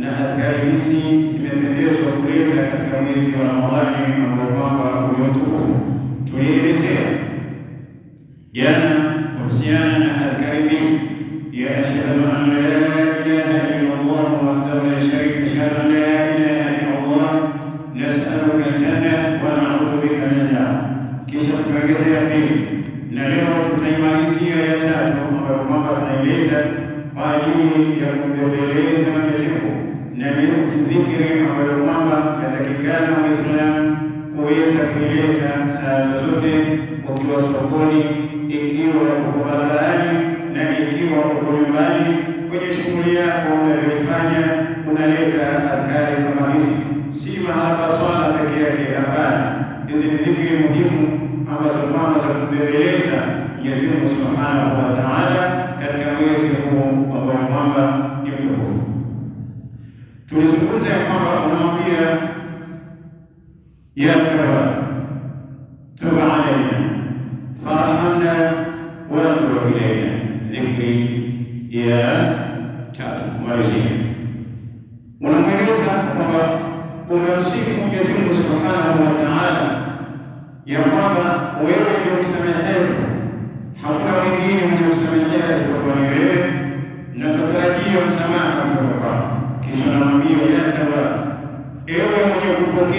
na adhkari hizi zimependezwa kuleta katika mwezi wa Ramadhani ambao kwamba uliotukufu tulielezea jana kuhusiana na adhkari mbili ya ashhadu an la ilaha illa Allah wahdahu la sharika ashhadu an la ilaha illa Allah nas'aluka aljanna wa na'udhu bika min an-nar, kisha tukaongezea pili, na leo tutaimalizia ya tatu ambayo kwamba tunaileta kwa ajili ya kumbembeleza Mwenyezi Mungu na dhikri ambayo kwamba yatakikana Waislamu kuweza kuileta saa zozote, ukiwa sokoni, ikiwa uko barabarani na ikiwa uko nyumbani, kwenye shughuli yako unayoifanya unaleta adhkari kama hizi. Si mahala pa swala peke yake, hapana. Hizi ni dhikri muhimu ambazo kwamba za kumbembeleza Mwenyezi Mungu subhanahu wa taala katika mwezi huu ambao kwamba ni mtukufu. Tulizungumza ya kwamba unamwambia ya taba tub alaina farhamna wanzur ilaina, dhikri ya tatu kumalizia, unamweleza kwamba umemsifu Mwenyezi Mungu subhanahu wa taala ya kwamba wewe ndio msamehevu, hakuna mwingine mwenye kusamehewa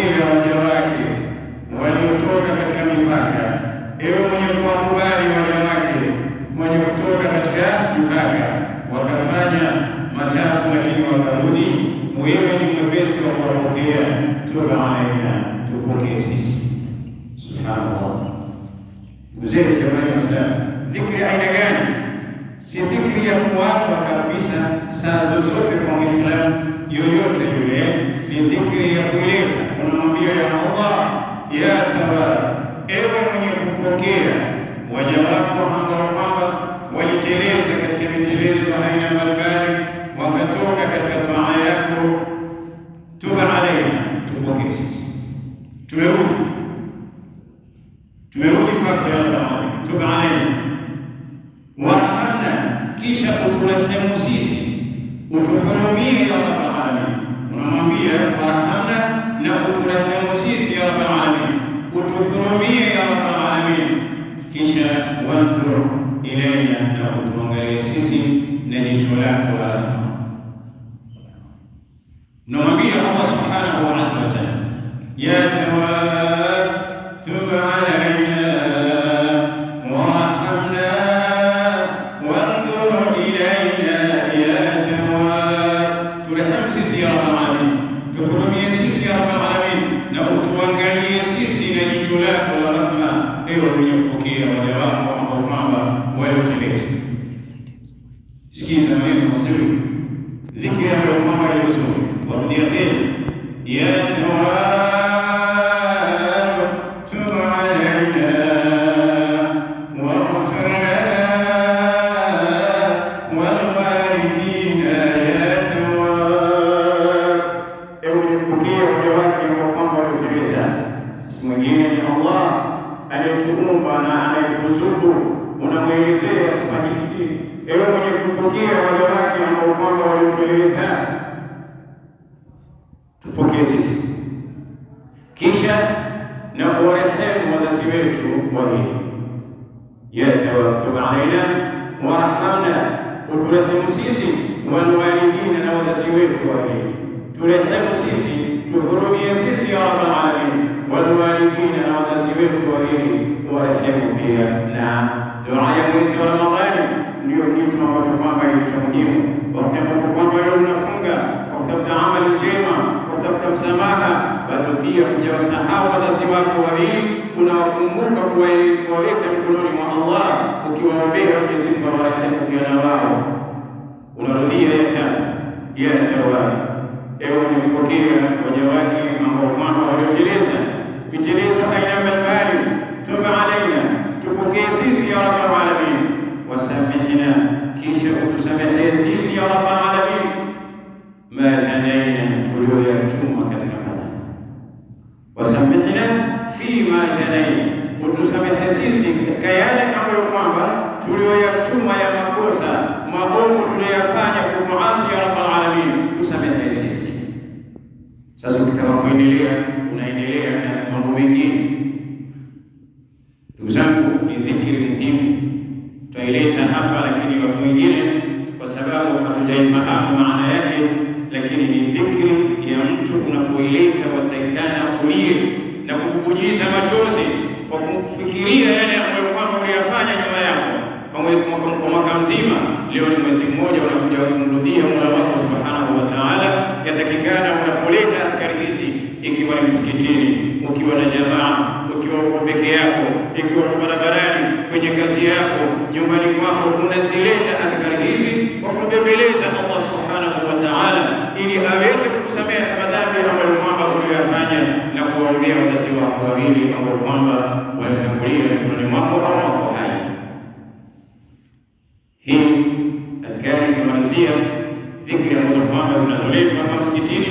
kuwahurumia waja wake waliotoka katika mipaka. Ewe mwenye kuwakubali waja wake mwenye kutoka katika mipaka, wakafanya machafu lakini wakarudi, wewe ni mwepesi wa kuwapokea. Toba alaina, tupokee sisi. Subhanallah. Mzee jamani, Waislamu, dhikri aina gani? Si dhikri ya kuachwa kabisa saa zozote kwa Muislamu yoyote yule, ni dhikri ya kule unamwambia ya Allah ya Tawwab, ewe mwenye kupokea waja wako ambao kwamba waliteleza katika mitelezo aina mbalimbali, wakatoka katika taa yako. Tuba alaina, tupokee sisi, tumerudi tumerudi kwako ya Allah, tuba alaina warhamna, kisha uturehemu sisi, utuhurumie ya Allah, unamwambia tuhurumie ya Rabbal Alamin, kisha wandur ilaina, na utuangalie sisi na jicho lako la rahma. Namwambia Allah subhanahu wa ta'ala ya Digo, niño. aliyotuumba na anayekuzuku unamwelezea sifa hizi, ewe mwenye kupokea waja wake ambao kwamba waliotueleza. Tupokee sisi, kisha na kuwarehemu wazazi wetu wawili, yatawaktubu alaina warhamna, uturehemu sisi, walwalidina, na wazazi wetu hili, turehemu sisi, tuhurumie sisi, ya rabbal alamin walwalidina, na wazazi wetu wawili warehemu pia. Na dua ya mwezi wa Ramadhani ndio kitu ambacho kwamba ni cha muhimu, wakati ambapo kwamba wewe unafunga kwa kutafuta amali njema, kwa kutafuta msamaha, bado pia hujawasahau wazazi wako wawili, unawakumbuka kuwaweka mikononi mwa Allah, ukiwaombea Mwenyezi Mungu awarehemu pia na wao. Unarudia ya tatu ya tawali, ewe unampokea waja wake ambao kwamba walioteleza pitiliza aina mbalimbali, tub alaina, tupokee sisi ya rabbal alamin, wasamehna, kisha utusamehe sisi ya rabbal alamin, ma janaina, tulioyachuma katika madhambi, wasamehna fi ma janaina, utusamehe sisi katika yale ambayo kwamba tulioyachuma ya makosa mabovu tuliyofanya kuendelea unaendelea na mambo mengine. Ndugu zangu, ni dhikri muhimu, tutaileta hapa, lakini watu wengine kwa sababu hatujaifahamu maana yake, lakini ni dhikri ya mtu unapoileta watakana ulie na kukujiza machozi kwa kufikiria yale ambayo kwamba uliyafanya nyuma yako kwa mwaka mzima. Leo ni mwezi mmoja Inawezekana unapoleta adhkari hizi, ikiwa ni msikitini, ukiwa na jamaa, ukiwa uko peke yako, ikiwa ni barabarani, kwenye kazi yako, nyumbani kwako, unazileta adhkari hizi kwa kumbembeleza Allah subhanahu wa ta'ala, ili aweze kukusamehe madhambi ambayo kwamba uliyofanya na kuwaombea wazazi wako wawili ambao kwamba walitangulia mikononi mwako au wako hai. Hii adhkari itamalizia dhikri ambazo kwamba zinazoletwa hapa msikitini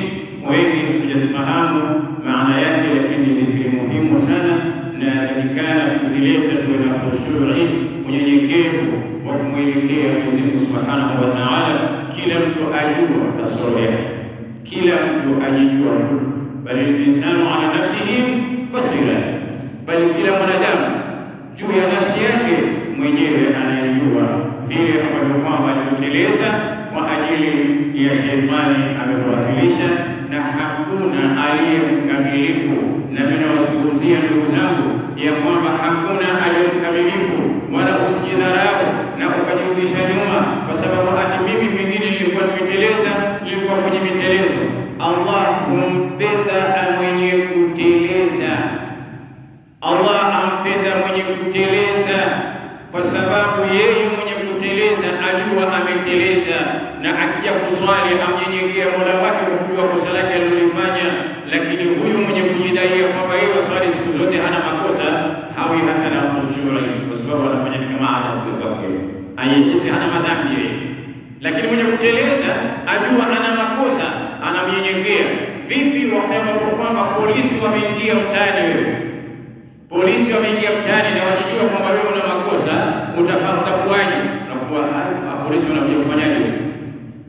wengi hatujazifahamu maana yake, lakini ni dhikri muhimu sana na yatakikana kuzileta, tuwe na khushui, unyenyekevu wa kumwelekea Mwenyezi Mungu Subhanahu wa Ta'ala. Kila mtu ajua kasoro yake, kila mtu ajijua, bali linsanu ala nafsihi basira, bali kila mwanadamu juu ya nafsi yake mwenyewe anayejua vile ambavyo kwamba alivyoteleza kwa ajili ya shetani ametuwakilisha, na hakuna aliyemkamilifu. Na mimi nawazungumzia ndugu zangu, ya kwamba hakuna aliyemkamilifu, wala usijidharau na ukajirudisha nyuma, kwa sababu hati mimi pengine nilikuwa nimeteleza, nilikuwa kwenye mitelezo. Allah humpenda mwenye kuteleza, Allah ampenda mwenye kuteleza, kwa sababu yeye mwenye kuteleza ajua ameteleza, na akija kuswali amnyenyekea mola wake kujua kosa lake alilofanya. Lakini huyu mwenye kujidai kwamba yeye waswali siku zote hana makosa, hawi hata na ujura, kwa sababu anafanya kama ada tu kwake, ayejisi hana madhambi yeye. Lakini mwenye kuteleza ajua ana makosa, anamnyenyekea. Vipi wakati kwamba polisi wameingia mtaani wewe polisi wameingia mtaani na wajijua kwamba wewe una makosa, utafanya utakuwaje? hapo polisi wanakuja kufanyaje?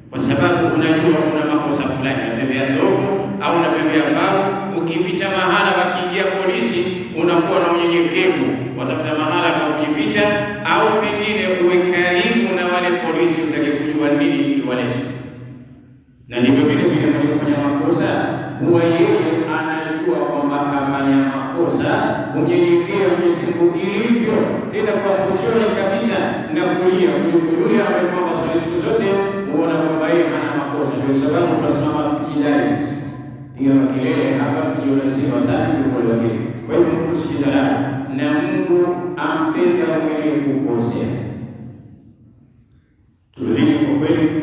Kwa sababu unajua kuna makosa fulani na pembe ya ndovu au na pembe ya faru. Ukificha mahala, wakiingia polisi, unakuwa na unyenyekevu, watafuta mahala pa kujificha, au pengine uwe karibu na wale polisi, utake kujua nini iliwaleta. Na ndivyo vile vile kufanya makosa, huwa yeye anajua kwamba kafanya makosa, umnyenyekee Mwenyezi Mungu ilivyo, tena kwa kushona kabisa na kulia kujukujulia, ambaye swali siku zote huona kwamba yeye ana makosa. Ndio sababu tunasimama tukijidai piga makelele hapa, kujiona si wasafi kwa wengine. Kwa hivyo mtu usijidharau, na Mungu ampenda mwenye kukosea. Turudini kwa kweli